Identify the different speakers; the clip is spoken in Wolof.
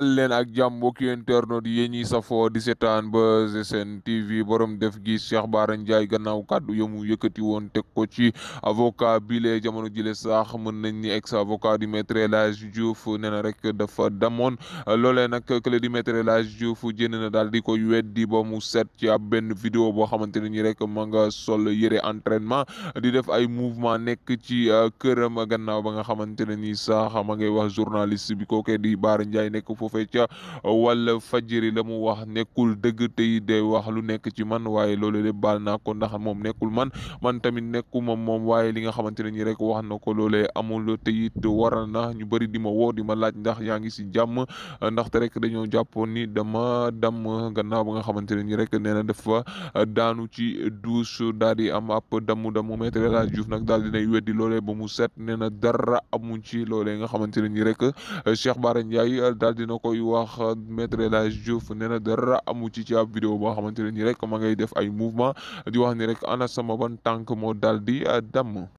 Speaker 1: leen ak jàmm mbokki internet yi ñuy safoo di seetaan Buzz SN TV borom def gi Cheikh Bara Ndiaye gannaaw kàddu yamu yëkkati woon teg ko ci avocat bile jamono jile sax mën nañ ni ex avocat du maître El Hadji Diouf nee na rek dafa damoon loolee nag clé du maître El na daal di koy weddi ba mu set ci ab benn vidéo boo xamante ne ni rek ma nga sol yëre entraînement di def ay mouvement nekk ci euh, këram gannaaw ba nga xamante ne ni sax ma wax journaliste bi kookee di Bara nekk foofu foofee ca wàll fajiri la mu wax nekkul dëgg tey day wax lu nekk ci man waaye loolu de baal naa ko ndax moom nekkul man man tamit nekkuma moom waaye li nga xamante ne nii rek wax na ko loolee amul te it war na ñu bëri di ma woo di ma laaj ndax yaa ngi si jàmm ndaxte rek dañoo jàppoon ni dama dam gannaaw ba nga xamante ne nii rek nee na dafa daanu ci duus daal di am app damu damu Maître El Hadji Diouf nag daal dinay weddi loole ba mu set nee na dara amu ci loolee nga xamante ne rek Cheikh Bara Ndiaye daal dina koy wax maître El Hadj Diouf nee na dara amu ci ci ab vidéo boo xamante ne nii rek ma ngay def ay mouvement di wax ni rek ana sama ban tànk moo daal di damm.